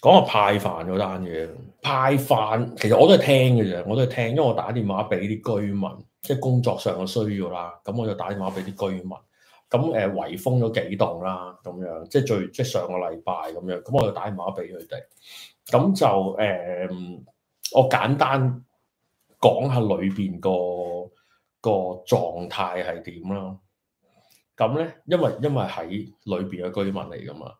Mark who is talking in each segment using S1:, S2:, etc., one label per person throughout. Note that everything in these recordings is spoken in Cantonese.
S1: 講下派飯嗰單嘢，派飯其實我都係聽嘅啫，我都係聽，因為我打電話俾啲居民，即係工作上嘅需要啦。咁我就打電話俾啲居民，咁誒圍封咗幾棟啦，咁樣即係最即係上個禮拜咁樣，咁我就打電話俾佢哋。咁就誒、呃，我簡單講下裏邊個個狀態係點啦。咁咧，因為因為喺裏邊嘅居民嚟噶嘛，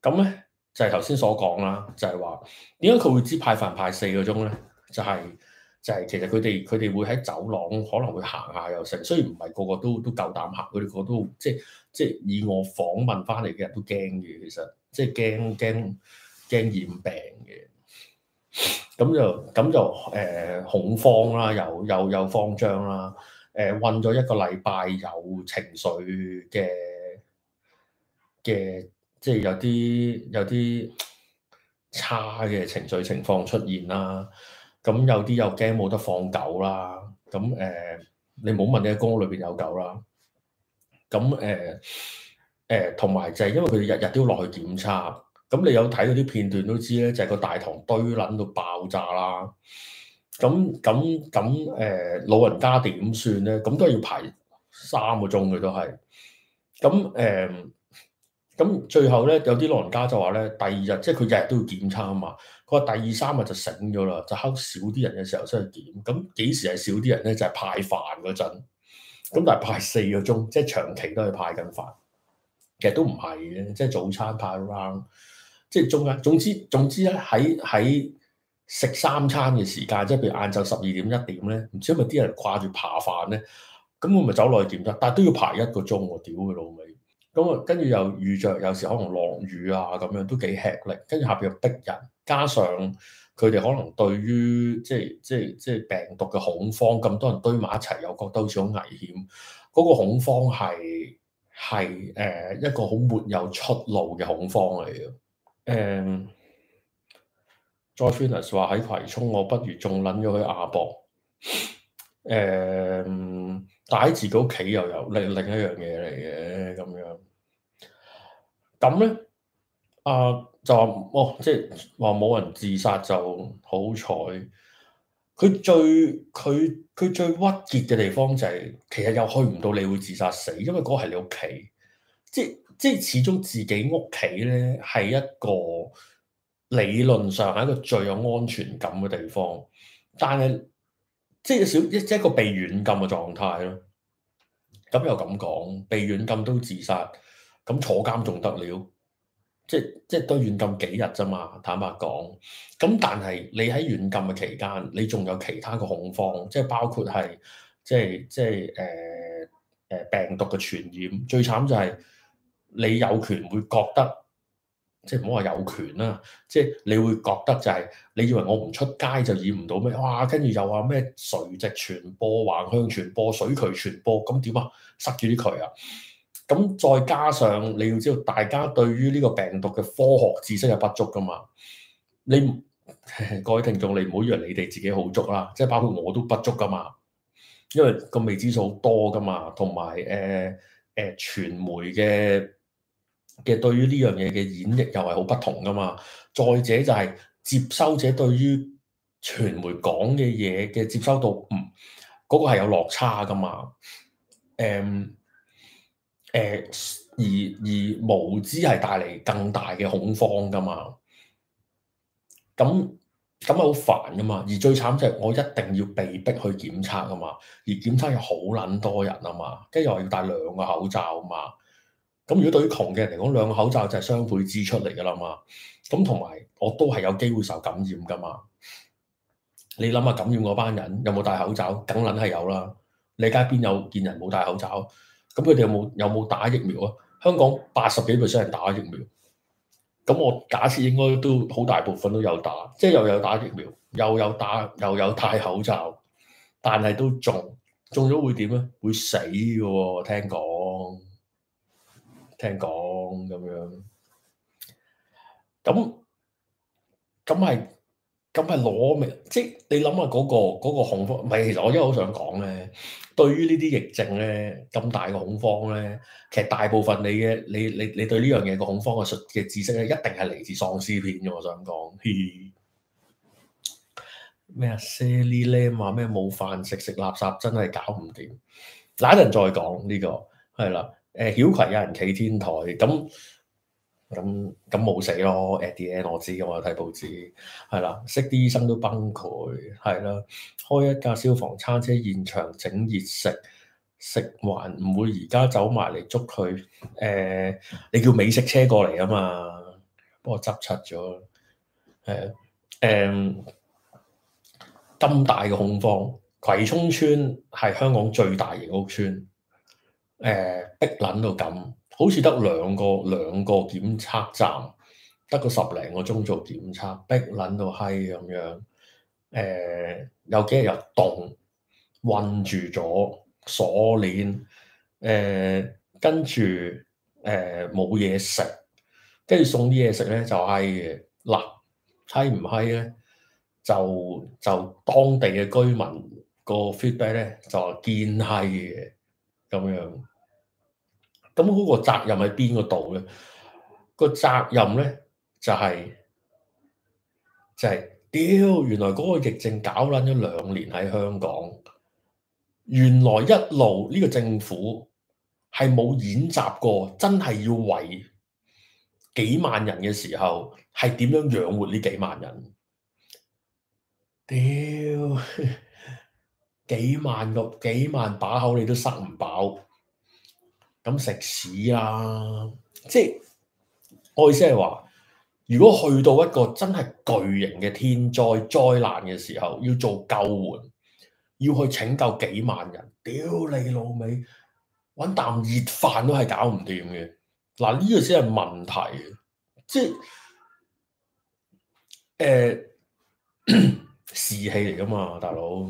S1: 咁咧。就係頭先所講啦，就係話點解佢會知派飯派四個鐘咧？就係、是、就係、是、其實佢哋佢哋會喺走廊可能會行下又成，雖然唔係個個都都夠膽行，佢哋個都即係即係以我訪問翻嚟嘅人都驚嘅，其實即係驚驚驚染病嘅，咁就咁就誒、呃、恐慌啦，又又又慌張啦，誒困咗一個禮拜，有情緒嘅嘅。即係有啲有啲差嘅情緒情況出現啦，咁有啲又驚冇得放狗啦，咁誒、呃、你冇問你喺公屋裏邊有狗啦，咁誒誒同埋就係因為佢哋日日都要落去檢查，咁你有睇嗰啲片段都知咧，就係、是、個大堂堆撚到爆炸啦，咁咁咁誒老人家點算咧？咁都係要排三個鐘嘅都係，咁誒。呃咁最後咧，有啲老人家就話咧，第二日即係佢日日都要檢測啊嘛。佢話第二三日就醒咗啦，就慳少啲人嘅時候出去檢。咁幾時係少啲人咧？就係、係、派飯嗰陣。咁但係派四個鐘，即係長期都係派緊飯。其實都唔係嘅，即係早餐派 round，即係中間。總之總之咧，喺喺食三餐嘅時間，即係譬如晏晝十二點一點咧，唔知係咪啲人掛住扒飯咧？咁我咪走落去檢測，但係都要排一個鐘喎，我屌佢老味！咁啊，跟住又遇着，有時可能落雨啊，咁樣都幾吃力。跟住下面又逼人，加上佢哋可能對於即係即係即係病毒嘅恐慌，咁多人堆埋一齊又覺得好似好危險。嗰、那個恐慌係係誒一個好沒有出路嘅恐慌嚟嘅。誒，Joyce Venus 話喺葵涌，我不如仲揾咗去亞博。誒、嗯，但喺自己屋企又有另另一樣嘢嚟嘅咁樣。咁咧，啊就話哦，即係話冇人自殺就好彩。佢最佢佢最鬱結嘅地方就係，其實又去唔到你會自殺死，因為嗰個係你屋企。即係即係始終自己屋企咧，係一個理論上係一個最有安全感嘅地方。但係即係少，即即係一個被軟禁嘅狀態咯。咁又咁講，被軟禁都自殺。咁坐監仲得了，即即都軟禁幾日咋嘛？坦白講，咁但係你喺軟禁嘅期間，你仲有其他嘅恐慌，即包括係即即誒誒、呃、病毒嘅傳染。最慘就係你有權會覺得，即唔好話有權啦，即你會覺得就係、是、你以為我唔出街就染唔到咩？哇！跟住又話咩垂直傳播、橫向傳播、水渠傳播，咁點啊？塞住啲渠啊！咁再加上你要知道，大家對於呢個病毒嘅科學知識係不足噶嘛？你 各位聽眾，你唔好以為你哋自己好足啦，即係包括我都不足噶嘛。因為個未知數好多噶嘛，同埋誒誒傳媒嘅嘅對於呢樣嘢嘅演繹又係好不同噶嘛。再者就係接收者對於傳媒講嘅嘢嘅接收度，嗯，嗰、那個係有落差噶嘛。誒、嗯。誒而而無知係帶嚟更大嘅恐慌噶嘛，咁咁係好煩噶嘛，而最慘就係我一定要被逼去檢測噶嘛，而檢測又好撚多人啊嘛，跟住又要戴兩個口罩嘛，咁如果對於窮嘅人嚟講，兩個口罩就係雙倍支出嚟噶啦嘛，咁同埋我都係有機會受感染噶嘛，你諗下感染嗰班人有冇戴口罩，梗撚係有啦，你街邊有見人冇戴口罩？咁佢哋有冇有冇打疫苗啊？香港八十幾 percent 人打疫苗，咁我假設應該都好大部分都有打，即係又有打疫苗，又有打，又有戴口罩，但係都中中咗會點咧？會死嘅喎，聽講聽講咁樣，咁咁係咁係攞命，即係你諗下嗰個嗰個恐慌。唔係，其實我一路好想講咧。對於呢啲疫症咧，咁大個恐慌咧，其實大部分你嘅你你你對呢樣嘢個恐慌嘅術嘅知識咧，一定係嚟自喪屍片嘅。我想講，咩啊？Sally Lam 話咩冇飯食，食垃圾真係搞唔掂，嗱，一陣再講呢個係啦。誒，曉、呃、葵有人企天台咁。咁咁冇死咯，at the end 我知，我睇報紙，係啦，識啲醫生都崩潰，係啦，開一架消防餐車現場整熱食，食還唔會而家走埋嚟捉佢，誒、呃，你叫美食車過嚟啊嘛，不過執柒咗，誒誒，咁、嗯、大嘅恐慌，葵涌邨係香港最大型屋邨，誒逼撚到咁。好似得兩個兩個檢測站，得個十零個鐘做檢測，逼撚到閪咁樣。誒、呃，有幾日又凍，困住咗鎖鏈。誒，跟住誒冇嘢食，跟住、呃、送啲嘢食咧就係嗱，閪唔閪咧？就、就當地嘅居民個 feedback 咧就話堅閪嘅咁樣。咁嗰個責任喺邊個度呢？個責任呢，就係就係屌，原來嗰個疫症搞撚咗兩年喺香港，原來一路呢個政府係冇演習過，真係要圍幾萬人嘅時候係點樣養活呢幾萬人？屌，幾萬個幾萬把口你都塞唔飽。咁食屎啦、啊！即係我意思係話，如果去到一個真係巨型嘅天災災難嘅時候，要做救援，要去拯救幾萬人，屌你老味，揾啖熱飯都係搞唔掂嘅。嗱呢、呢個先係問題，即係誒、呃、 士氣嚟㗎嘛，大佬。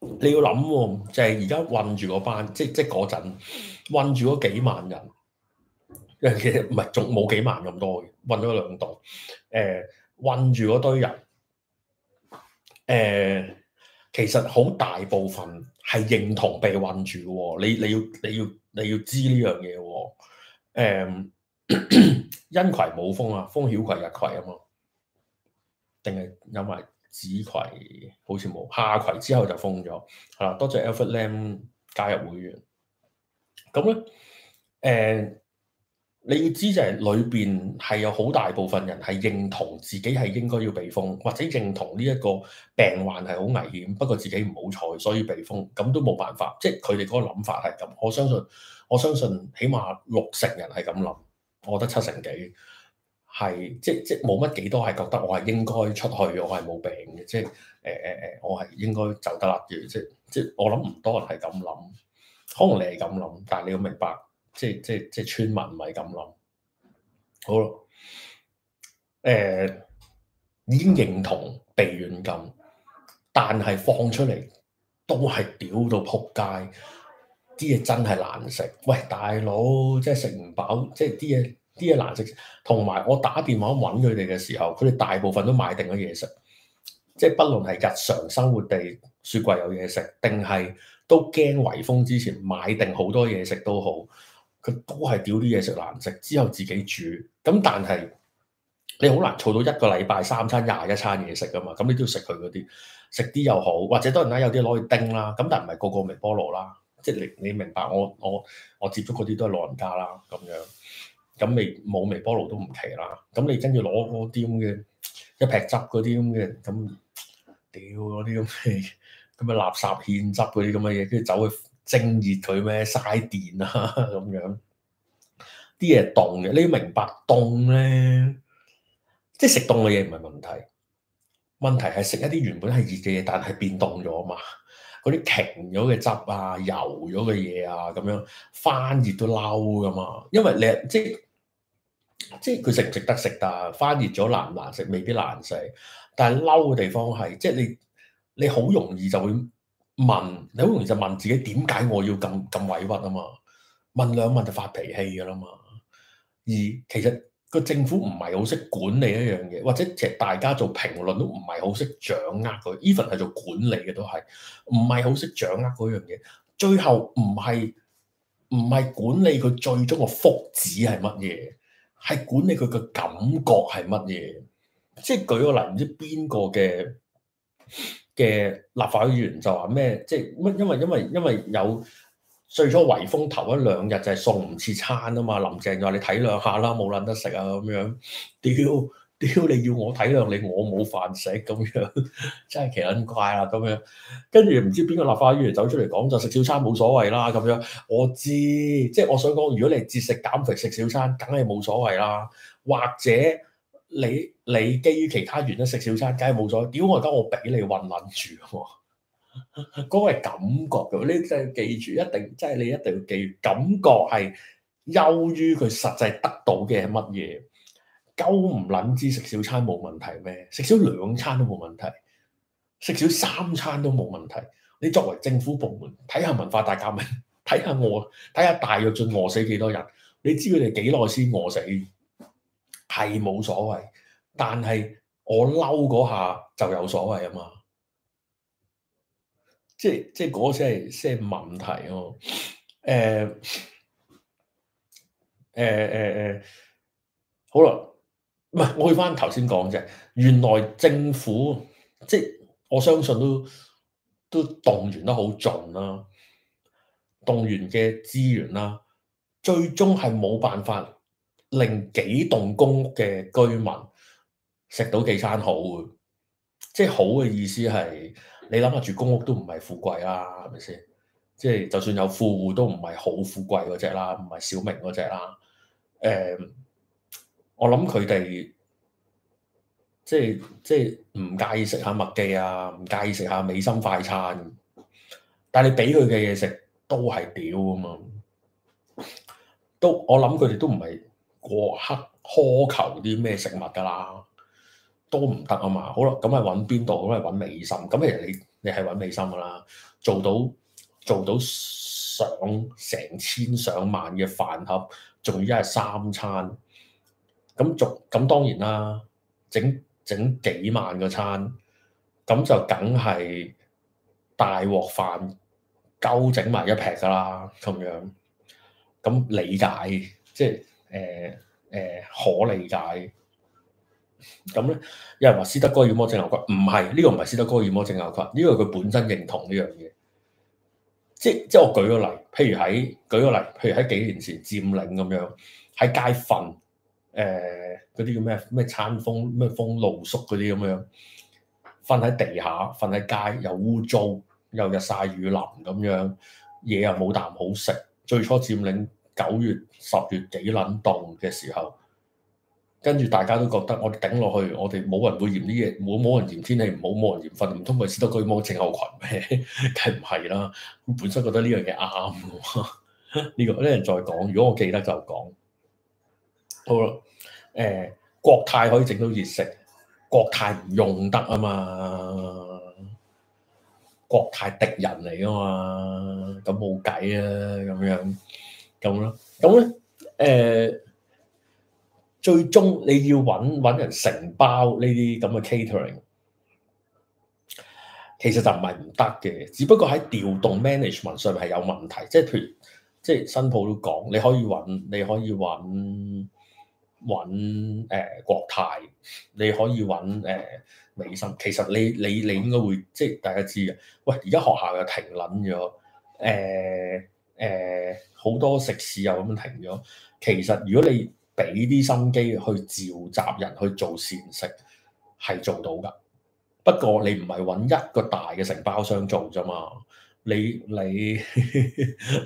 S1: 你要諗、哦，就係而家困住嗰班，即即嗰陣困住嗰幾萬人，其實唔係，仲冇幾萬咁多，嘅，困咗兩度。誒，困住嗰堆人，誒、呃，其實好大部分係認同被困住嘅、哦，你你要你要你要知呢樣嘢。誒、呃，欣 葵冇封啊，封曉葵日葵啊嘛，定係因為？紫葵好似冇，下葵之後就封咗。係啦，多謝 Alfred Lamb 加入會員。咁咧，誒、呃，你要知就係裏邊係有好大部分人係認同自己係應該要被封，或者認同呢一個病患係好危險，不過自己唔好彩，所以被封，咁都冇辦法。即係佢哋嗰個諗法係咁。我相信，我相信起碼六成人係咁諗。我覺得七成幾。係即即冇乜幾多係覺得我係應該出去，我係冇病嘅，即係誒誒誒，我係應該走得啦嘅，即即，即我諗唔多人係咁諗，可能你係咁諗，但係你要明白，即即即，即村民唔係咁諗。好啦，誒、呃、已經認同被軟禁，但係放出嚟都係屌到仆街，啲嘢真係難食。喂，大佬，即係食唔飽，即啲嘢。啲嘢難食，同埋我打電話揾佢哋嘅時候，佢哋大部分都買定咗嘢食，即係不論係日常生活地雪櫃有嘢食，定係都驚颶風之前買定好多嘢食都好，佢都係屌啲嘢食難食，之後自己煮。咁但係你好難儲到一個禮拜三餐廿一餐嘢食噶嘛？咁你都要食佢嗰啲，食啲又好，或者當然啦，有啲攞去叮啦。咁但係唔係個個微波爐啦，即係你你明白我我我接觸嗰啲都係老人家啦咁樣。咁你冇微波爐都唔奇啦。咁你跟住攞啲咁嘅一劈汁嗰啲咁嘅，咁屌嗰啲咁嘅咁嘅垃圾芡汁嗰啲咁嘅嘢，跟住走去蒸熱佢咩？嘥電啊咁樣，啲嘢凍嘅。你要明白凍咧？即係食凍嘅嘢唔係問題，問題係食一啲原本係熱嘅嘢，但係變凍咗啊嘛。嗰啲停咗嘅汁啊、油咗嘅嘢啊，咁樣翻熱都嬲噶嘛。因為你即即係佢食唔食得食？但係翻熱咗難唔難食？未必難食。但係嬲嘅地方係，即係你你好容易就會問，你好容易就問自己點解我要咁咁委屈啊嘛？問兩問就發脾氣㗎啦嘛。而其實個政府唔係好識管理一樣嘢，或者其實大家做評論都唔係好識掌握佢。Even 係做管理嘅都係唔係好識掌握嗰樣嘢。最後，唔係唔係管理佢最終個福祉係乜嘢？係管理佢嘅感覺係乜嘢？即係舉個例，唔知邊個嘅嘅立法會議員就話咩？即係乜？因為因為因為有最初圍封頭一兩日就係送唔切餐啊嘛。林鄭就話你體諒下啦，冇撚得食啊咁樣屌。屌！你要我體諒你，我冇飯食咁樣，真係奇撚怪啦咁樣。跟住唔知邊個立法議員走出嚟講就食少餐冇所謂啦咁樣。我知，即係我想講，如果你節食減肥食少餐，梗係冇所謂啦。或者你你基於其他原因食少餐，梗係冇所謂。屌我而家我俾你混撚住喎，嗰、那個係感覺㗎。你真係記住，一定即係你一定要記住，感覺係優於佢實際得到嘅係乜嘢。都唔撚知食少餐冇問題咩？食少兩餐都冇問題，食少三餐都冇問題。你作為政府部門，睇下文化大革命，睇下餓，睇下大躍進餓死幾多人，你知佢哋幾耐先餓死？係冇所謂，但係我嬲嗰下就有所謂啊嘛。即係即係嗰些些問題咯。誒誒誒誒，好啦。唔係，我去翻頭先講啫。原來政府即係我相信都都動員得好盡啦，動員嘅資源啦、啊，最終係冇辦法令幾棟公屋嘅居民食到幾餐好。即係好嘅意思係，你諗下住公屋都唔係富貴啦、啊，係咪先？即係就算有富戶都唔係好富貴嗰隻啦，唔係小明嗰隻啦，誒、嗯。我諗佢哋即係即係唔介意食下麥記啊，唔介意食下美心快餐。但係你俾佢嘅嘢食都係屌啊嘛，都我諗佢哋都唔係過苛苛求啲咩食物㗎啦，都唔得啊嘛。好啦，咁係揾邊度？咁係揾美心。咁其實你你係揾美心㗎啦，做到做到上成千上萬嘅飯盒，仲要一係三餐。咁逐咁當然啦，整整幾萬個餐，咁就梗係大鑊飯，夠整埋一劈㗎喇，咁樣。咁理解，即係誒誒可理解。咁咧，有人話斯德哥爾摩症候群，唔係，呢個唔係斯德哥爾摩症候群，呢個佢本身認同呢樣嘢。即即我舉個例，譬如喺舉個例，譬如喺幾年前佔領咁樣，喺街瞓。誒嗰啲叫咩咩餐風咩風露宿嗰啲咁樣，瞓喺地下，瞓喺街，又污糟，又日曬雨淋咁樣，嘢又冇啖好食。最初佔領九月、十月幾撚凍嘅時候，跟住大家都覺得我哋頂落去，我哋冇人會嫌呢嘢，冇冇人嫌天氣唔好，冇人嫌瞓唔通咪斯德哥爾摩症候群咩？梗係唔係啦？本身覺得呢樣嘢啱嘅喎，呢個啲人再講，如果我記得就講。好啦，誒、呃、國泰可以整到熱食，國泰唔用得啊嘛，國泰敵人嚟噶嘛，咁冇計啊，咁樣咁咯，咁咧誒最終你要揾揾人承包呢啲咁嘅 catering，其實就唔係唔得嘅，只不過喺調動 management 上係有問題，即係譬如，即係新抱都講，你可以揾，你可以揾。揾誒、呃、國泰，你可以揾、呃、美心。其實你你你應該會即係大家知嘅。喂，而家學校又停撚咗，誒誒好多食肆又咁樣停咗。其實如果你俾啲心機去召集人去做膳食，係做到㗎。不過你唔係揾一個大嘅承包商做啫嘛。你 你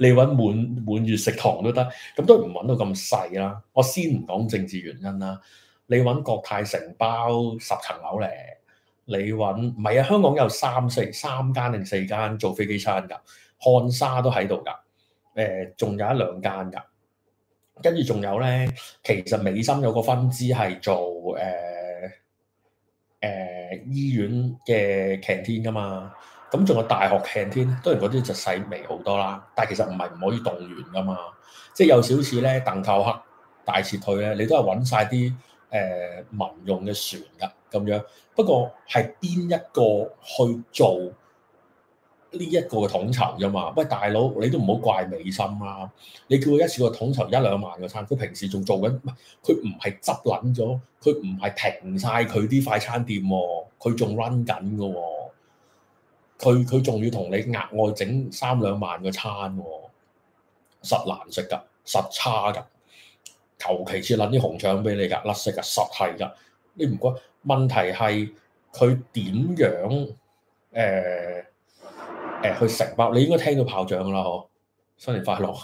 S1: 你揾滿滿月食堂都得，咁都唔揾到咁細啦。我先唔講政治原因啦，你揾國泰承包十層樓咧，你揾唔係啊？香港有三四三間定四間做飛機餐㗎，漢莎都喺度㗎，誒、呃、仲有一兩間㗎，跟住仲有咧，其實美心有個分支係做誒誒、呃呃、醫院嘅 canteen 㗎嘛。咁仲有大學 camp 添，當然嗰啲就細微好多啦。但係其實唔係唔可以動員噶嘛，即係有少少咧，鄧寇克大撤退咧，你都係揾晒啲誒民用嘅船噶咁樣。不過係邊一個去做呢一個嘅統籌啫嘛？喂，大佬你都唔好怪美心啦，你叫佢一次過統籌一兩萬個餐，佢平時仲做緊，唔係佢唔係執撚咗，佢唔係停晒佢啲快餐店，佢仲 run 緊噶喎。佢佢仲要同你額外整三兩萬個餐喎、哦，實難食噶，實差噶，求其次，攆啲紅腸俾你㗎，垃圾㗎，實係㗎，你唔覺？問題係佢點樣誒誒、呃呃呃、去承包？你應該聽到炮仗㗎啦，嗬，新年快樂，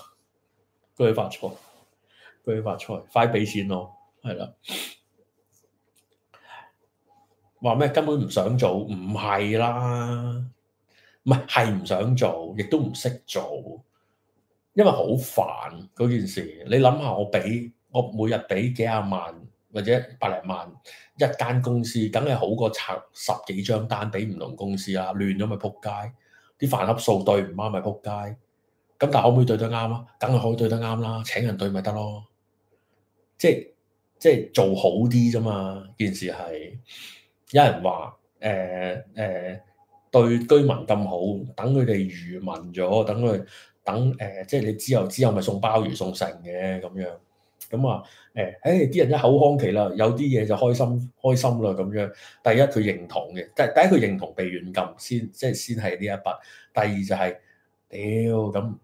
S1: 恭喜發財，恭喜發財，快俾錢咯，係啦。話咩根本唔想做？唔係啦。唔係係唔想做，亦都唔識做，因為好煩嗰件事。你諗下，我俾我每日俾幾廿萬或者百零萬一間公司，梗係好過拆十幾張單俾唔同公司啦。亂咗咪撲街，啲飯盒數對唔啱咪撲街。咁但係可唔可以對得啱啊？梗係可以對得啱啦，請人對咪得咯。即係即係做好啲啫嘛。件事係有人話誒誒。呃呃對居民咁好，等佢哋愚民咗，等佢等誒、呃，即係你之後之後，咪送鮑魚送成嘅咁樣。咁啊誒，唉、欸、啲人一口康期啦，有啲嘢就開心開心啦咁樣。第一佢認同嘅，第一第一佢認同被軟禁先，即係先係呢一筆。第二就係屌咁，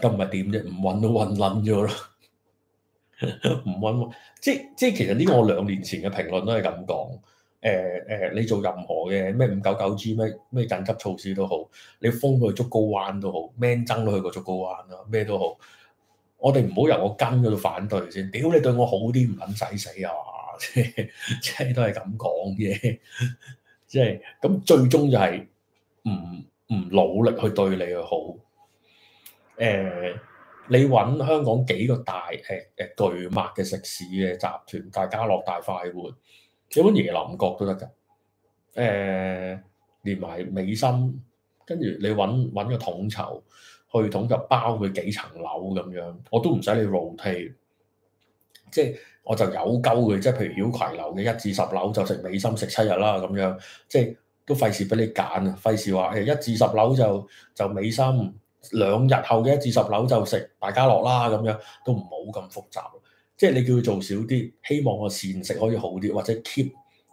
S1: 咁咪點啫？唔揾都揾撚咗咯，唔揾即即係其實呢個我兩年前嘅評論都係咁講。誒誒、呃呃，你做任何嘅咩五九九 G 咩咩緊急措施都好，你封佢竹篙灣都好，man 爭都去個竹篙灣啦、啊，咩都好。我哋唔好由我跟嗰度反對先。屌你對我好啲，唔肯使死啊！即係都係咁講嘅，即係咁最終就係唔唔努力去對你去好。誒、呃，你揾香港幾個大誒誒、呃、巨擘嘅食肆嘅集團，大家樂大快活。幾本耶林國都得㗎，誒、呃、連埋美心，跟住你揾揾個統籌去統入包佢幾層樓咁樣，我都唔使你路替，即係我就有鳩佢，即係譬如如果葵樓嘅一至十樓就食美心食七日啦咁樣，即係都費事俾你揀啊，費事話誒一至十樓就就美心，兩日後嘅一至十樓就食大家樂啦咁樣，都唔好咁複雜。即係你叫佢做少啲，希望個膳食可以好啲，或者 keep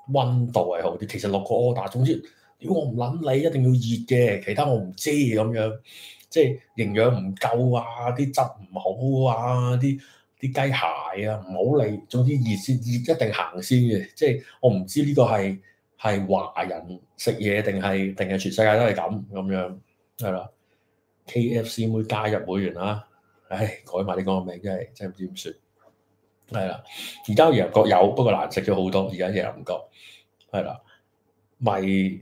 S1: 溫度係好啲。其實落個 order，總之如果我唔諗你一定要熱嘅，其他我唔知咁樣。即係營養唔夠啊，啲汁唔好啊，啲啲雞鞋啊唔好理，總之熱先熱一定行先嘅。即係我唔知呢個係係華人食嘢定係定係全世界都係咁咁樣係啦。KFC 妹加入會員啦，唉，改埋呢個名真係真係唔知點算。係啦，而家又各有，不過難食咗好多。而家又唔覺，係啦，咪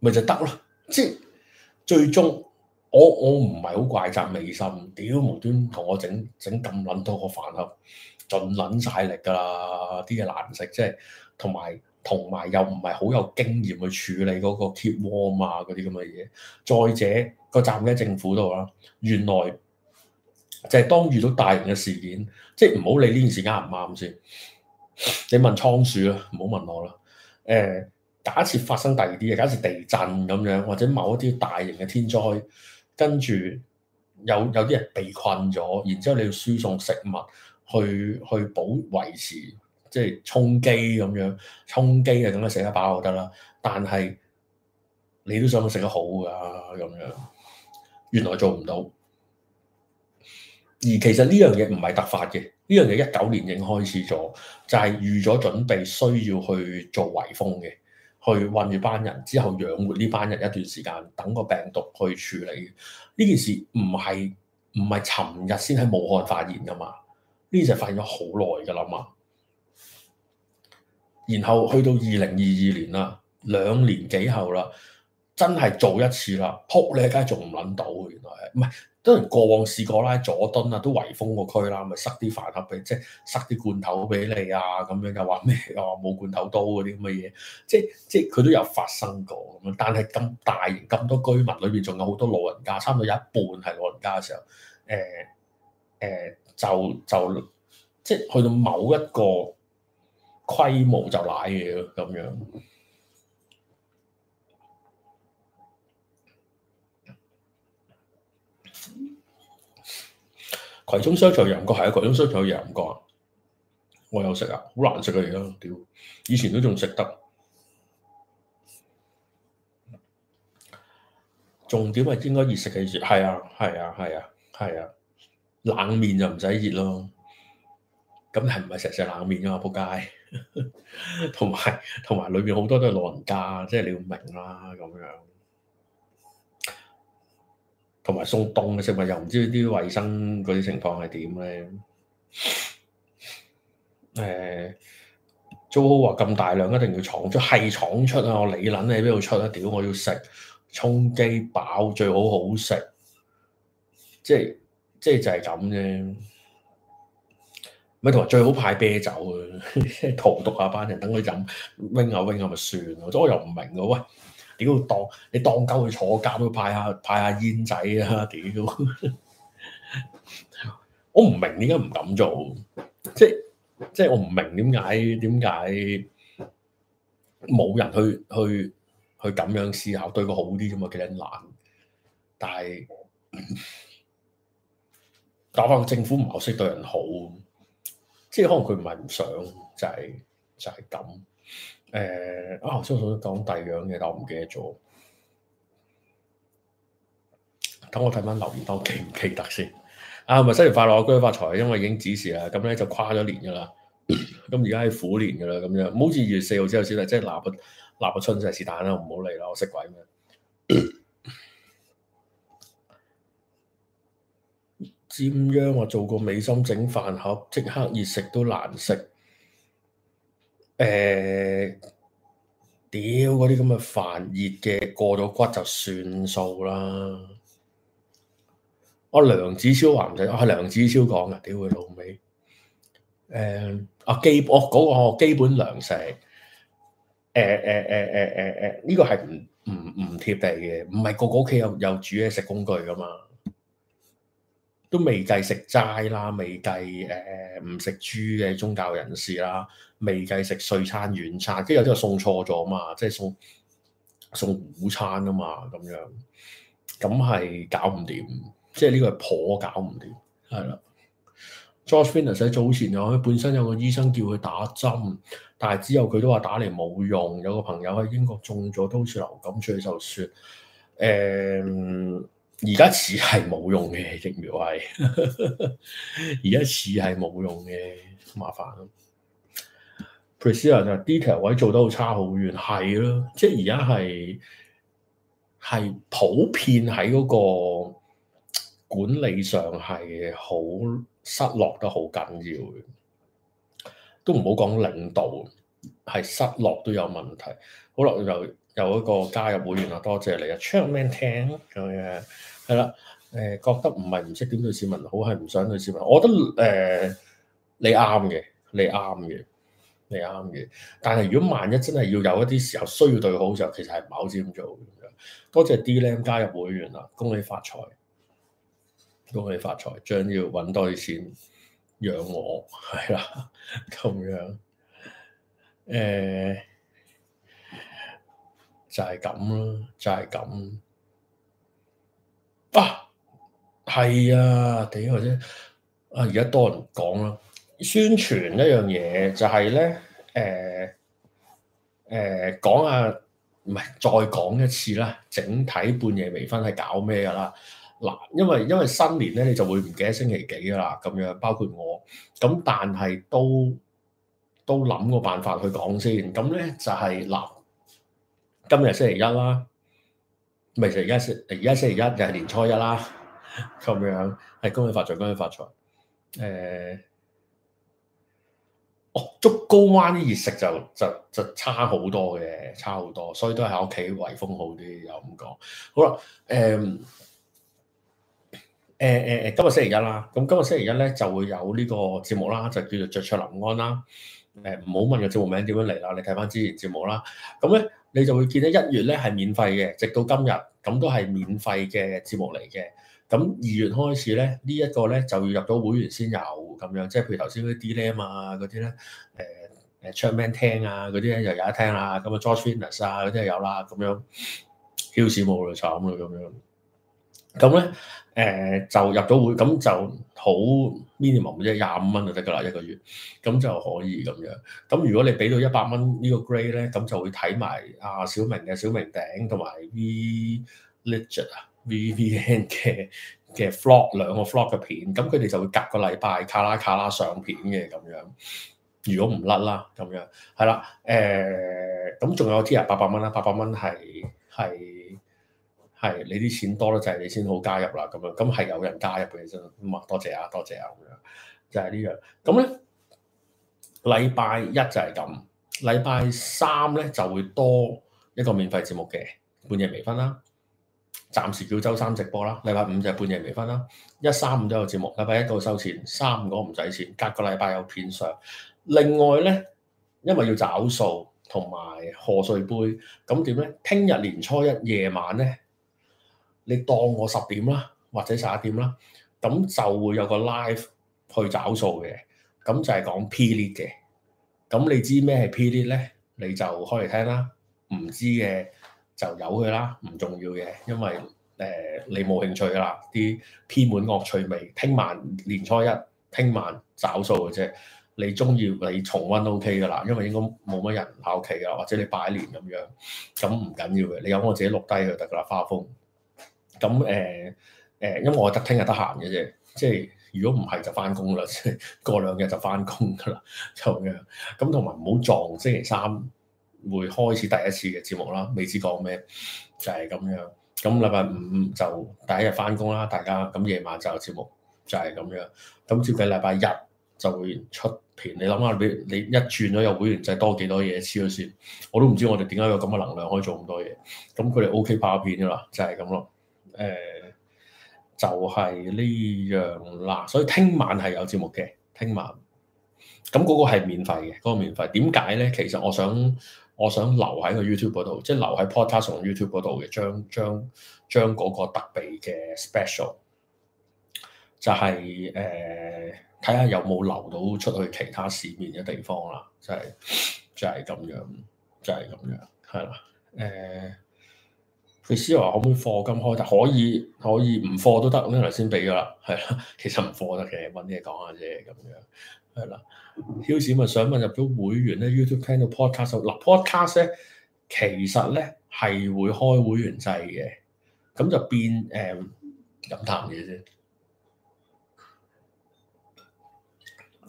S1: 咪就得咯。即係最終，我我唔係好怪責美心，屌無端同我整整咁撚多個飯盒，盡撚晒力㗎啦！啲嘢難食，即係同埋同埋又唔係好有經驗去處理嗰、那個 keep warm 啊嗰啲咁嘅嘢。再者，個站喺政府度啦，原來。就係當遇到大型嘅事件，即係唔好理呢件事啱唔啱先。你問倉鼠啦，唔好問我啦。誒、呃，假設發生第二啲嘢，假設地震咁樣，或者某一啲大型嘅天災，跟住有有啲人被困咗，然之後你要輸送食物去去保維持，即係充飢咁樣，充飢啊，咁樣食得飽就得啦。但係你都想食得好㗎，咁樣原來做唔到。而其實呢樣嘢唔係突發嘅，呢樣嘢一九年已經開始咗，就係預咗準備需要去做圍封嘅，去困住班人，之後養活呢班人一段時間，等個病毒去處理。呢件事唔係唔係尋日先喺武漢發現㗎嘛？呢件事發現咗好耐㗎喇嘛。然後去到二零二二年啦，兩年幾後啦，真係做一次啦，撲咧，梗係仲唔諗到，原來唔係。都然過往試過啦，佐敦啊都圍封個區啦，咪塞啲飯盒俾，即係塞啲罐頭俾你啊，咁樣又話咩？又話冇罐頭刀嗰啲咁嘅嘢，即係即係佢都有發生過咁樣。但係咁大型咁多居民裏邊，仲有好多老人家，差唔多有一半係老人家嘅時候，誒、呃、誒、呃、就就即係去到某一個規模就賴嘢咁樣。葵涌商場油唔過，係葵涌商場油唔過，我有食啊，好、啊、難食嘅嘢咯，屌！以前都仲食得。重點係應該熱食嘅嘢，係啊，係啊，係啊，係啊，冷麵就唔使熱咯。咁係唔係成日食冷麵㗎、啊、嘛？仆街。同埋同埋裏面好多都係老人家，即、就、係、是、你要明啦咁樣。同埋送凍嘅食物又唔知啲衞生嗰啲情況係點咧？誒、呃，做好話咁大量一定要闖出係闖出啊！我理論你喺邊度出啊？屌！我要食充飢飽最好好食，即係即係就係咁啫。咪同埋最好派啤酒啊！即係荼毒下班人等佢飲，威牛威牛咪算咯。咁我又唔明喎，喂！屌，當你當狗去坐監，派下派下煙仔啊！屌， 我唔明點解唔敢做，即即我唔明點解點解冇人去去去咁樣思考對佢好啲啫嘛，其實難。但係打翻個政府唔係好識對人好，即係可能佢唔係唔想、就係，就係就係咁。誒，阿何先生講第二樣嘢，但我唔記得咗。等我睇翻留言，當我記唔記得先。啊，唔係新年快樂，恭喜發財，因為已經指示啦。咁咧就跨咗年噶啦。咁而家係虎年噶啦，咁樣唔、嗯、好似二月四號之後先嚟，即係立立個春就係是但啦，唔好嚟啦，我，我識鬼占 央啊，做個美心整飯盒，即刻熱食都難食。誒、欸，屌嗰啲咁嘅飯熱嘅過咗骨就算數啦！我、啊、梁子超話唔使，我、啊、係梁子超講嘅，屌佢老味，誒、欸，阿、啊、基我嗰、哦嗰個哦、基本糧食，誒誒誒誒誒誒，呢、欸欸欸欸呢個係唔唔唔貼地嘅，唔係個個屋企有有煮嘢食工具噶嘛。都未計食齋啦，未計誒唔食豬嘅宗教人士啦，未計食碎餐軟餐，跟住有啲又送錯咗嘛，即係送送午餐啊嘛咁樣，咁係搞唔掂，即係呢個係婆搞唔掂，係、嗯、啦。Josh Fiennes 喺早前有佢本身有個醫生叫佢打針，但係之後佢都話打嚟冇用。有個朋友喺英國中咗都好似流感，所以就説誒。而家似係冇用嘅疫苗係，而家似係冇用嘅，麻煩咯。President，detail 位做得好差好遠，係咯，即係而家係係普遍喺嗰個管理上係好失落得好緊要嘅，都唔好講領導係失落都有問題。好啦，就。有一個加入會員啊，多謝你啊 Chapman 聽咁樣，係啦，誒、呃、覺得唔係唔識點對市民好，係唔想對市民好，我覺得誒你啱嘅，你啱嘅，你啱嘅，但係如果萬一真係要有一啲時候需要對好嘅時候，其實係唔係好似咁做咁樣。多謝 D Lam 加入會員啦，恭喜發財，恭喜發財，將要搵多啲錢養我，係啦，咁樣誒。呃就係咁咯，就係、是、咁。啊，係啊，點解啫？啊，而家多人講啦，宣傳一樣嘢就係、是、咧，誒、呃、誒、呃、講啊，唔係再講一次啦。整體半夜微醺係搞咩噶啦？嗱，因為因為新年咧，你就會唔記得星期幾噶啦，咁樣包括我。咁但係都都諗個辦法去講先。咁咧就係、是、嗱。今日星期一啦，咪就而家星，而家星期一就係、是、年初一啦，咁樣係恭喜發財，恭喜發財。誒、欸，哦，竹篙灣啲熱食就就就差好多嘅，差好多，所以都係喺屋企圍封好啲，又咁講。好啦，誒誒誒，今日星期一啦，咁今日星期一咧就會有呢個節目啦，就叫做《爵卓琳安》啦。誒、欸，唔好問個節目名點樣嚟啦，你睇返之前節目啦。咁咧。你就會見到一月咧係免費嘅，直到今日咁都係免費嘅節目嚟嘅。咁二月開始咧，這個、呢一個咧就要入到會員先有咁樣，即係譬如頭先嗰啲咧啊，嗰啲咧誒誒，Chuckman 聽啊嗰啲咧又有得聽啦、啊。咁啊，Joe Trainers 啊嗰啲又有啦，咁樣。屌事冇啦，慘啦咁樣。咁咧誒就入咗會，咁就。好 minimum 啫，廿五蚊就得噶啦，一個月咁就可以咁樣。咁如果你俾到一百蚊呢個 grade 咧，咁就會睇埋阿小明嘅小明頂同埋 V legit 啊 VVN 嘅嘅 vlog 兩個 vlog 嘅片，咁佢哋就會隔個禮拜卡拉卡拉上片嘅咁樣。如果唔甩啦咁樣，係啦誒，咁、呃、仲有啲人八百蚊啦，八百蚊係係。係你啲錢多咧，就係你先好加入啦。咁樣咁係有人加入嘅，先咁啊，多謝啊，多謝啊，咁樣就係呢樣。咁咧，禮拜一就係咁，禮拜三咧就會多一個免費節目嘅半夜微醺啦。暫時叫周三直播啦。禮拜五就係半夜微醺啦。一三五都有節目，禮拜一到收錢，三五嗰唔使錢。隔個禮拜有片上。另外咧，因為要找數同埋賀歲杯，咁點咧？聽日年初一夜晚咧。你當我十點啦，或者十一點啦，咁就會有個 live 去找數嘅，咁就係講 P lead 嘅。咁你知咩係 P lead 咧？你就開嚟聽啦。唔知嘅就由佢啦，唔重要嘅，因為誒你冇興趣噶啦。啲偏滿惡趣味，聽晚年初一，聽晚找數嘅啫。你中意你重温 O K 噶啦，因為應該冇乜人考期噶，或者你拜年咁樣，咁唔緊要嘅。你有我自己錄低佢就得噶啦，花風。咁誒誒，因為我得聽日得閒嘅啫，即係如果唔係就翻工啦。即係過兩日就翻工㗎啦，就咁樣。咁同埋唔好撞星期三會開始第一次嘅節目啦，未知講咩就係、是、咁樣。咁禮拜五就第一日翻工啦，大家咁、嗯、夜晚就有節目就係、是、咁樣。咁、嗯、接近禮拜日就會出片。你諗下，你你一轉咗有會員制，多幾多嘢黐咗線。我都唔知我哋點解有咁嘅能量可以做咁多嘢。咁佢哋 O K 拍片㗎啦，就係咁咯。誒、呃、就係、是、呢樣啦，所以聽晚係有節目嘅，聽晚咁嗰個係免費嘅，嗰、那個免費點解咧？其實我想我想留喺個 you、就是、YouTube 嗰度，即係留喺 Podcast 同 YouTube 嗰度嘅，將將將嗰個特備嘅 special 就係誒睇下有冇留到出去其他市面嘅地方啦，就係、是、就係、是、咁樣，就係、是、咁樣，係啦，誒、呃。佢司話可唔可以課金開？但可以可以唔課都得。我頭先俾咗啦，係啦，其實唔課得嘅，揾嘢講下啫咁樣，係啦。超市咪想問入咗會員咧？YouTube 聽到 Podcast，嗱、啊、Podcast 咧，其實咧係會開會員制嘅，咁就變誒飲啖嘢啫。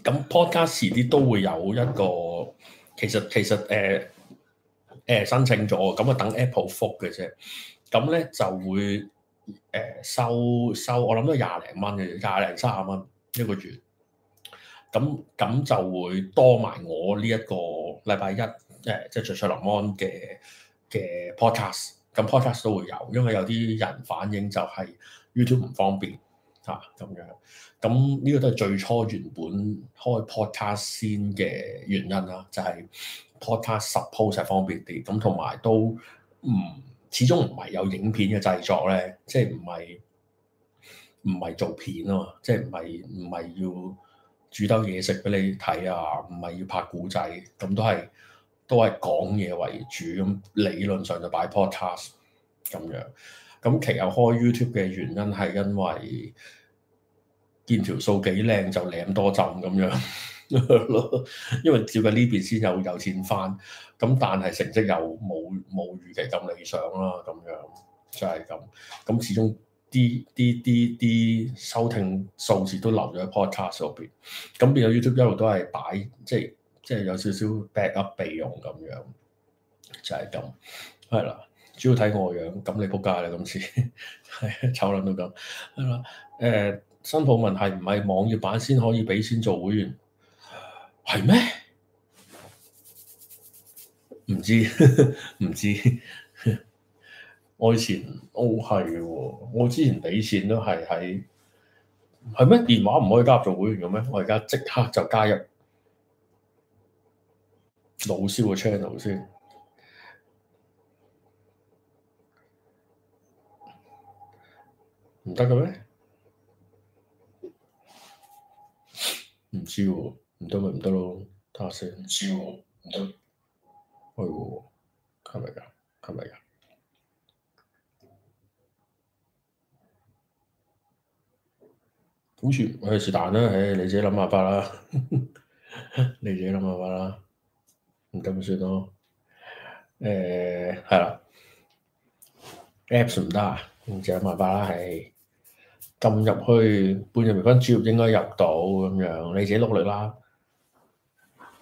S1: 咁、呃、Podcast 遲啲都會有一個，其實其實誒。呃誒申請咗，咁啊等 Apple 覆嘅啫。咁咧就會誒、呃、收收，我諗都廿零蚊嘅，廿零三十蚊一個月。咁咁就會多埋我呢一個禮拜一誒，即係爵卓琳安嘅嘅 podcast。咁 podcast Pod 都會有，因為有啲人反應就係 YouTube 唔方便嚇咁、啊、樣。咁呢、這個都係最初原本開 podcast 先嘅原因啦，就係、是。Podcast suppose 係方便啲，咁同埋都唔始終唔係有影片嘅製作咧，即係唔係唔係做片啊嘛，即係唔係唔係要煮兜嘢食俾你睇啊，唔係要拍古仔，咁都係都係講嘢為主，咁理論上就擺 Podcast 咁樣。咁其實開 YouTube 嘅原因係因為見條數幾靚就攬多陣咁樣。咯， 因為照緊呢邊先有有錢翻，咁但係成績又冇冇預期咁理想啦，咁樣就係、是、咁。咁始終啲啲啲啲收聽數字都留咗喺 Podcast 入邊，咁變咗 YouTube 一路都係擺，即係即係有少少 backup 備用咁樣，就係、是、咁。係啦，主要睇我樣， 樣，咁你仆街啦今次，係醜撚到咁。係啦，誒新抱問係唔係網頁版先可以俾錢做會員？係咩？唔知唔知，我以前都係喎。我之前俾錢都係喺係咩？電話唔可以加入做會員嘅咩？我而家即刻就加入老蕭嘅 channel 先，唔得嘅咩？唔知喎。唔得咪唔得咯，睇下先。唔知喎，唔得去喎，係咪噶？係咪噶？好似去是但啦，唉，你自己諗辦法啦，你自己諗辦法啦。唔得咪算咯。誒係啦，Apps 唔得，你自己諗辦法啦。係撳、欸、入去半日未翻主頁應該入到咁樣，你自己碌嚟啦。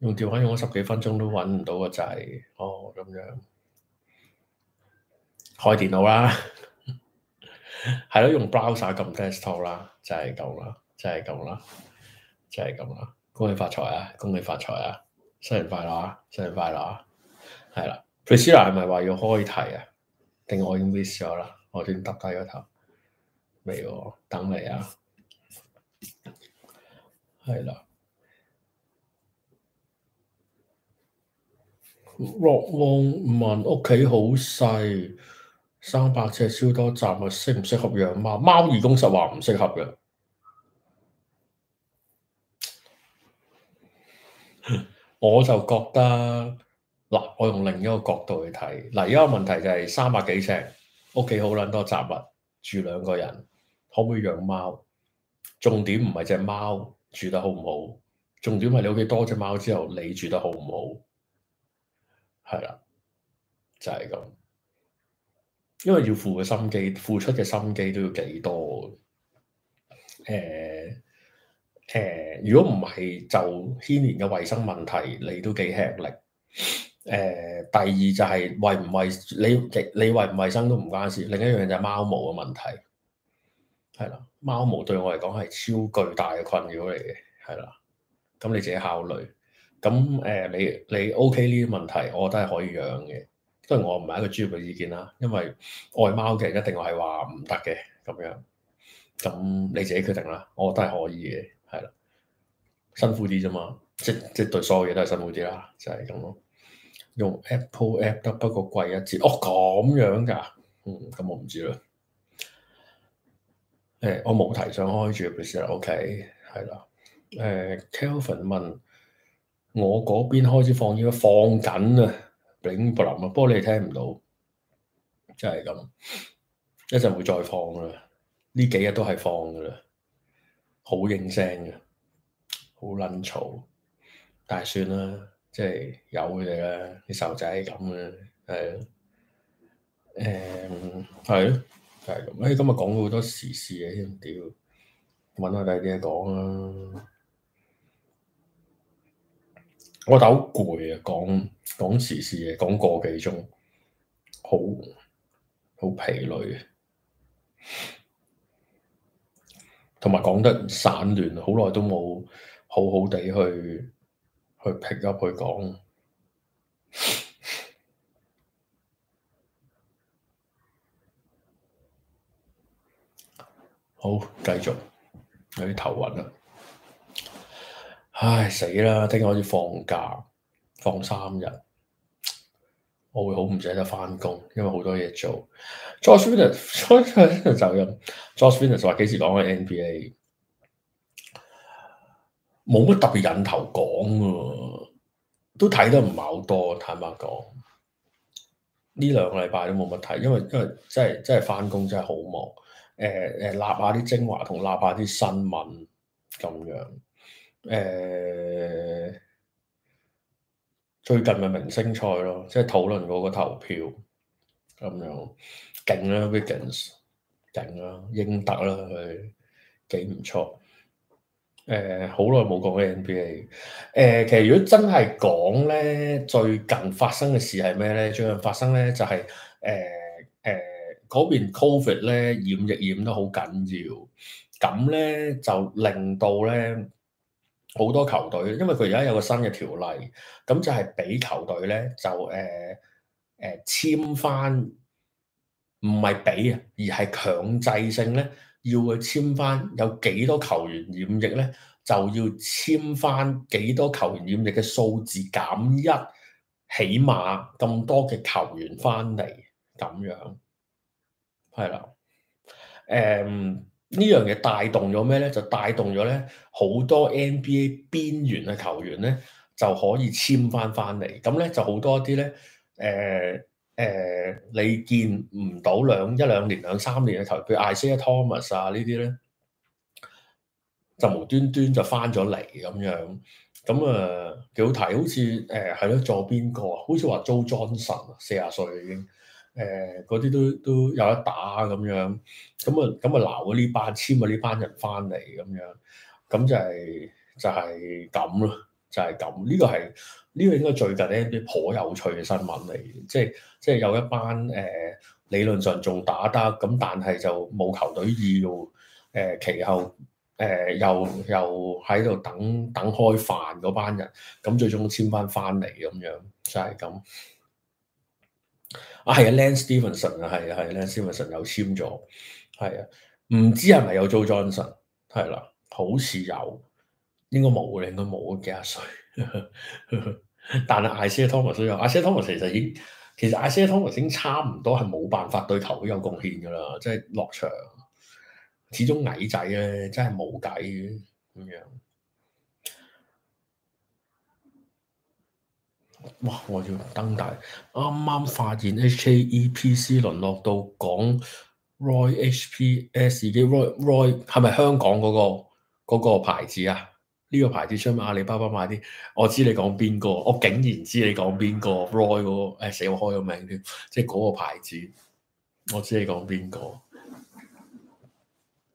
S1: 用電話用咗十幾分鐘都搵唔到個掣。哦，咁樣開電腦啦，係 咯、嗯、用 browser 咁 desktop 啦，就係咁啦，就係咁啦，就係咁啦，恭喜發財啊，恭喜發財啊，新年快樂啊，新年快樂啊，係啦 ，Priscilla 係咪話要開題啊？定我已經 miss 咗啦？我先耷低咗頭，未喎，等你啊，係啦。陸安民問屋企好細，三百尺超多雜物，適唔適合養貓？貓義工實話唔適合嘅。 我就覺得嗱，我用另一個角度去睇嗱，而家個問題就係三百幾尺屋企好撚多雜物，住兩個人可唔可以養貓？重點唔係隻貓住得好唔好，重點係你屋企多隻貓之後，你住得好唔好？係啦，就係、是、咁，因為要付嘅心機，付出嘅心機都要幾多嘅。誒、呃、誒、呃，如果唔係就牽連嘅衛生問題，你都幾吃力。誒、呃，第二就係衛唔衛，你你衛唔衛生都唔關事。另一樣就係貓毛嘅問題，係啦，貓毛對我嚟講係超巨大嘅困擾嚟嘅，係啦，咁你自己考慮。咁誒，你你 O K 呢啲問題，我覺得係可以養嘅。都係我唔係一個專業嘅意見啦，因為愛貓嘅人一定我係話唔得嘅咁樣。咁你自己決定啦。我覺得係可以嘅，係啦，辛苦啲啫嘛，即即對所有嘢都係辛苦啲啦，就係咁咯。用 Apple App 得 App，不過貴一截哦，咁樣㗎？嗯，咁我唔知啦。誒、欸，我冇提想開住嘅事啦。O K，係啦。誒、OK，Kelvin、欸、問。我嗰邊開始放嘢，放緊啊，頂柏林啊，不過你聽唔到，真係咁，一陣會再放啦。呢幾日都係放噶啦，好應聲啊，好撚嘈，但係算啦，即係有佢哋啦，啲細路仔咁啦，啊，誒，係咯，就係、是、咁。哎、嗯欸，今日講咗好多時事嘢，屌，揾下第啲嘢講啦。我都好攰啊，講講時事嘢，講個幾鐘，好疲累啊，同埋講得散亂，好耐都冇好好地去去 pick up 去講。好，繼續，有啲頭暈啦。唉，死啦！聽日開始放假，放三日，我會好唔捨得翻工，因為好多嘢做。Joseph，Joseph 就有，Joseph 就話幾時講開 NBA，冇乜特別引頭講喎，都睇得唔係好多。坦白講，呢兩個禮拜都冇乜睇，因為因為真係真係翻工真係好忙。誒、呃、誒、呃，立下啲精華同立下啲新聞咁樣。誒、欸，最近嘅明星賽咯，即係討論嗰個投票咁樣，勁啦 Wiggins、啊、勁啦、啊、英德啦佢幾唔錯。誒、欸，好耐冇講 NBA。誒，其實如果真係講咧，最近發生嘅事係咩咧？最近發生咧就係、是，誒、呃、誒，嗰、呃、邊 Covid 咧，染疫染得好緊要，咁咧就令到咧。好多球隊，因為佢而家有個新嘅條例，咁就係俾球隊咧，就誒誒簽翻，唔係俾啊，而係強制性咧，要去簽翻有幾多球員染疫咧，就要簽翻幾多球員染疫嘅數字減一，起碼咁多嘅球員翻嚟，咁樣係啦，誒。嗯。帶呢樣嘢帶動咗咩咧？就帶動咗咧好多 NBA 邊緣嘅球員咧，就可以簽翻翻嚟。咁咧就好多啲咧，誒、呃、誒、呃，你見唔到兩一兩年兩三年嘅球員，譬如 Isiah Thomas 啊呢啲咧，就無端端就翻咗嚟咁樣。咁啊幾好睇，好似誒係咯做邊個啊？好似話 Joe Johnson 啊四十歲已經。誒嗰啲都都有得打咁樣，咁啊咁啊鬧咗呢班簽啊呢班人翻嚟咁樣，咁就係就係咁咯，就係、是、咁。呢、就是這個係呢、這個應該最近咧啲頗有趣嘅新聞嚟嘅，即係即係有一班誒、呃、理論上仲打得，咁但係就冇球隊要誒，其後誒、呃、又又喺度等等開飯嗰班人，咁最終簽翻翻嚟咁樣，就係、是、咁。啊係啊 Lance Stephenson 啊，係啊係 Lance Stephenson 又簽咗，係啊，唔知係咪有 Joe Johnson？係啦，好似有，應該冇，應該冇，幾廿歲。呵呵但係 Isaiah Thomas 又，Isaiah Thomas 其實已經，其實 Isaiah Thomas 已經差唔多係冇辦法對球隊有貢獻噶啦，即係落場，始終矮仔咧，真係冇計咁樣。哇！我要登大，啱啱發現 HKEPC 淪落到講、呃、Roy H P S 嘅 Roy Roy 係咪香港嗰、那個那個牌子啊？呢、這個牌子出阿里巴巴買啲？我知你講邊個？我竟然知你講邊個 Roy 嗰、那個、哎？死我開咗名添，即係嗰個牌子，我知你講邊個？
S2: 誒、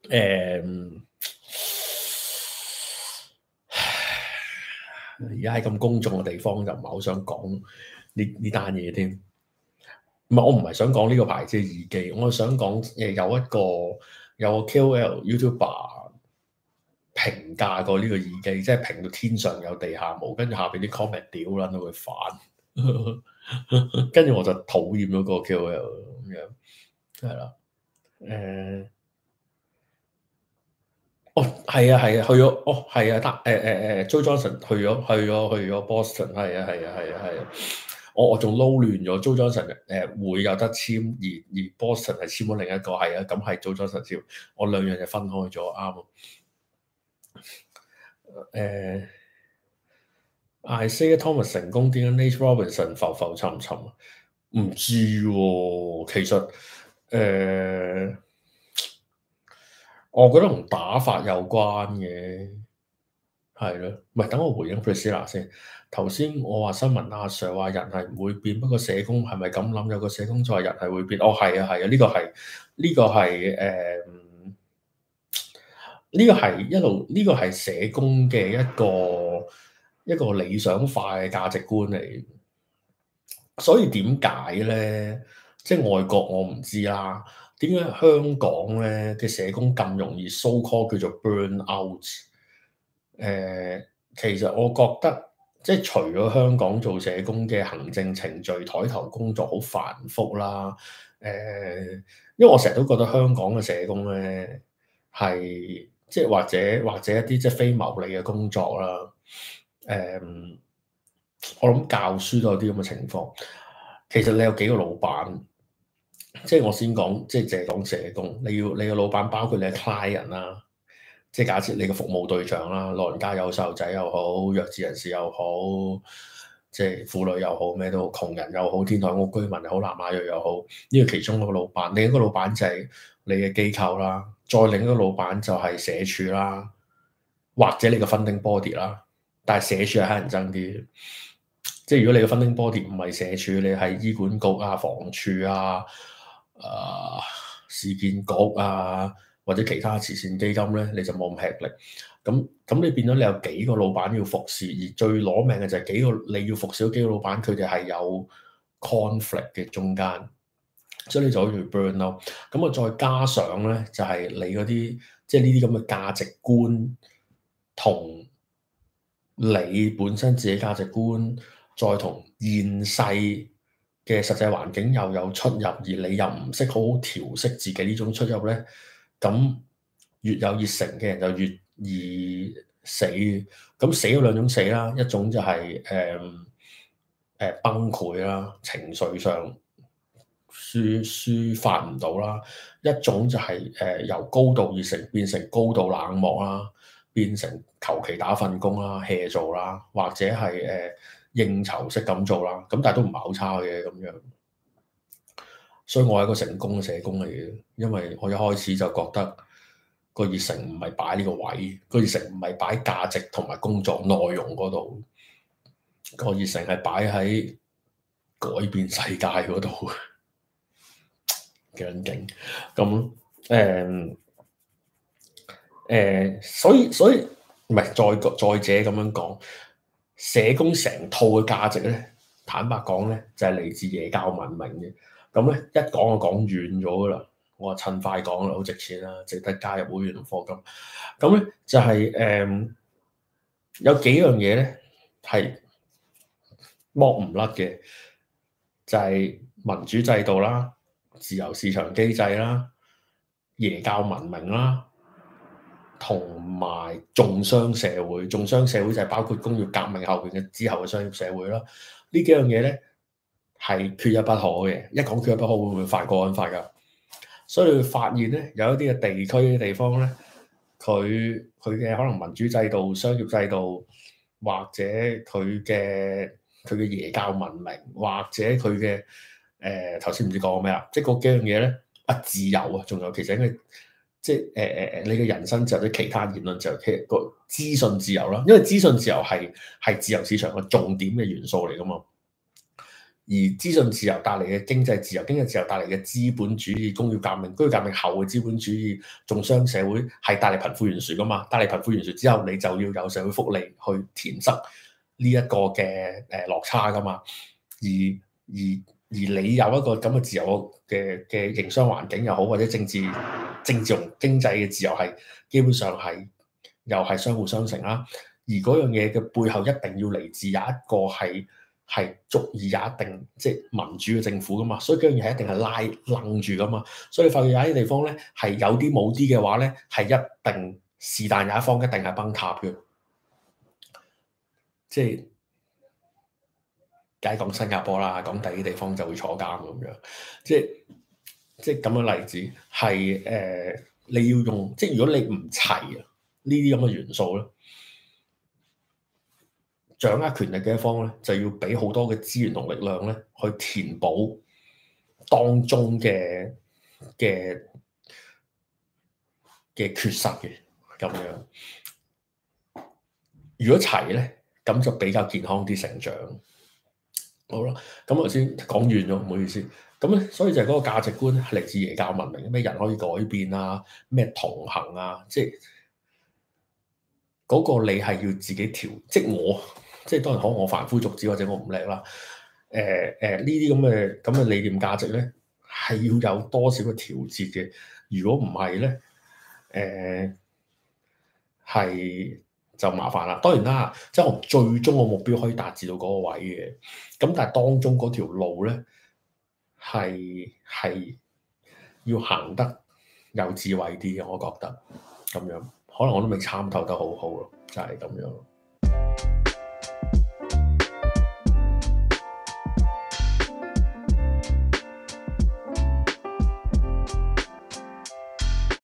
S1: 嗯而家喺咁公眾嘅地方，就唔係好想講呢呢單嘢添。唔係我唔係想講呢個牌子嘅耳機，我想講誒，有一個有一個 KOL YouTuber 評價過呢個耳機，即係評到天上有地下冇，跟住下邊啲 comment 屌捻到佢煩，跟住 我就討厭咗個 KOL 咁樣，係啦，誒、嗯。哦，係啊，係啊，去咗。哦，係啊，得、呃。誒誒誒 Joe Johnson 去咗，去咗，去咗 Boston。係啊，係啊，係啊，係啊。哦、我我仲撈亂咗。Joe Johnson 誒、呃、會有得簽，而而 Boston 係簽咗另一個。係啊，咁係 Joe Johnson 簽。我兩樣就分開咗，啱啊。誒、呃、，Isaiah Thomas 成功點解，Nate Robinson 浮浮沉沉啊？唔知喎、哦，其實誒。呃我覺得同打法有關嘅，係咯，唔係等我回應 Priscilla 先。頭先我話新聞阿、啊、Sir 話人係唔會變，不過社工係咪咁諗？有個社工在，就話人係會變。哦，係啊，係啊，呢、這個係呢、這個係誒，呢、這個係、呃這個、一路呢、這個係社工嘅一個一個理想化嘅價值觀嚟。所以點解咧？即係外國我唔知啦。點解香港咧嘅社工咁容易 so call 叫做 burn out？誒、呃，其實我覺得即係除咗香港做社工嘅行政程序、抬頭工作好繁複啦。誒、呃，因為我成日都覺得香港嘅社工咧係即係或者或者一啲即係非牟利嘅工作啦。誒、呃，我諗教書都有啲咁嘅情況。其實你有幾個老闆？即係我先講，即係借講社工，你要你個老闆包括你嘅 client 啦，即係假設你嘅服務對象啦，老人家有細路仔又好，弱智人士又好，即係婦女又好，咩都好，窮人又好，天台屋居民又好，南亞裔又好，呢、這個其中一個老闆，另一個老闆就係你嘅機構啦，再另一個老闆就係社署啦，或者你嘅 funding body 啦，但係社署係乞人憎啲，即係如果你嘅 funding body 唔係社署，你係醫管局啊、房署啊。啊！Uh, 事件局啊，或者其他慈善基金咧，你就冇咁吃力。咁咁你變咗你有幾個老闆要服侍，而最攞命嘅就係幾個你要服侍嘅幾個老闆，佢哋係有 conflict 嘅中間，所以你就好似 burn 咯。咁啊，再加上咧就係、是、你嗰啲，即係呢啲咁嘅價值觀同你本身自己價值觀，再同現世。嘅實際環境又有出入，而你又唔識好好調適自己呢種出入咧，咁越有熱誠嘅人就越易死。咁死咗兩種死啦，一種就係誒誒崩潰啦，情緒上抒抒發唔到啦；一種就係誒由高度熱誠變成高度冷漠啦，變成求其打份工啦、hea 做啦，或者係誒。呃應酬式咁做啦，咁但係都唔係好差嘅咁樣，所以我係一個成功嘅社工嚟嘅，因為我一開始就覺得個熱誠唔係擺呢個位，個熱誠唔係擺價值同埋工作內容嗰度，個熱誠係擺喺改變世界嗰度嘅景，咁誒誒，所以所以唔係再再，再者咁樣講。社工成套嘅價值咧，坦白講咧，就係、是、嚟自耶教文明嘅。咁咧一講就講遠咗噶啦，我話趁快講啦，好值錢啦，值得加入會員同課金。咁咧就係、是、誒、嗯、有幾樣嘢咧係剝唔甩嘅，就係、是、民主制度啦、自由市場機制啦、耶教文明啦。同埋重商社會，重商社會就係包括工業革命後面嘅之後嘅商業社會啦。呢幾樣嘢咧係缺一不可嘅，一講缺一不可會唔會犯國安法噶？所以你會發現咧有一啲嘅地區嘅地方咧，佢佢嘅可能民主制度、商業制度，或者佢嘅佢嘅耶教文明，或者佢嘅誒頭先唔知講咩啦，即係嗰幾樣嘢咧不自由啊，仲有其實嘅。即係誒誒誒，你嘅人生就或者其他言論就其實個資訊自由啦，因為資訊自由係係自由市場個重點嘅元素嚟噶嘛。而資訊自由帶嚟嘅經濟自由，經濟自由帶嚟嘅資本主義、工業革命、工業革命後嘅資本主義、重商社會係帶嚟貧富懸殊噶嘛。帶嚟貧富懸殊之後，你就要有社會福利去填塞呢一個嘅誒落差噶嘛。而而而你有一個咁嘅自由嘅嘅營商環境又好，或者政治政治同經濟嘅自由係基本上係又係相互相成啦，啊。而嗰樣嘢嘅背後一定要嚟自有一個係係足以有一定即係民主嘅政府㗎嘛。所以嗰樣嘢係一定係拉楞住㗎嘛。所以你發現有一啲地方咧係有啲冇啲嘅話咧係一定是但有一方一定係崩塌嘅，即係。梗係講新加坡啦，講第啲地方就會坐監咁樣，即係即係咁樣例子係誒、呃，你要用即係如果你唔齊啊呢啲咁嘅元素咧，掌握權力嘅一方咧，就要俾好多嘅資源同力量咧去填補當中嘅嘅嘅缺失嘅咁樣。如果齊咧，咁就比較健康啲成長。好啦，咁頭先講完咗，唔好意思。咁咧，所以就係嗰個價值觀係嚟自耶教文明，咩人可以改變啊，咩同行啊，即係嗰個你係要自己調，即係我，即係當然可能我凡夫俗子或者我唔叻啦。誒、呃、誒，呢啲咁嘅咁嘅理念價值咧，係要有多少嘅調節嘅。如果唔係咧，誒、呃、係。就麻煩啦，當然啦，即係我最終個目標可以達至到嗰個位嘅，咁但係當中嗰條路咧，係係要行得有智慧啲嘅，我覺得咁樣，可能我都未參透得好好咯，就係咁樣。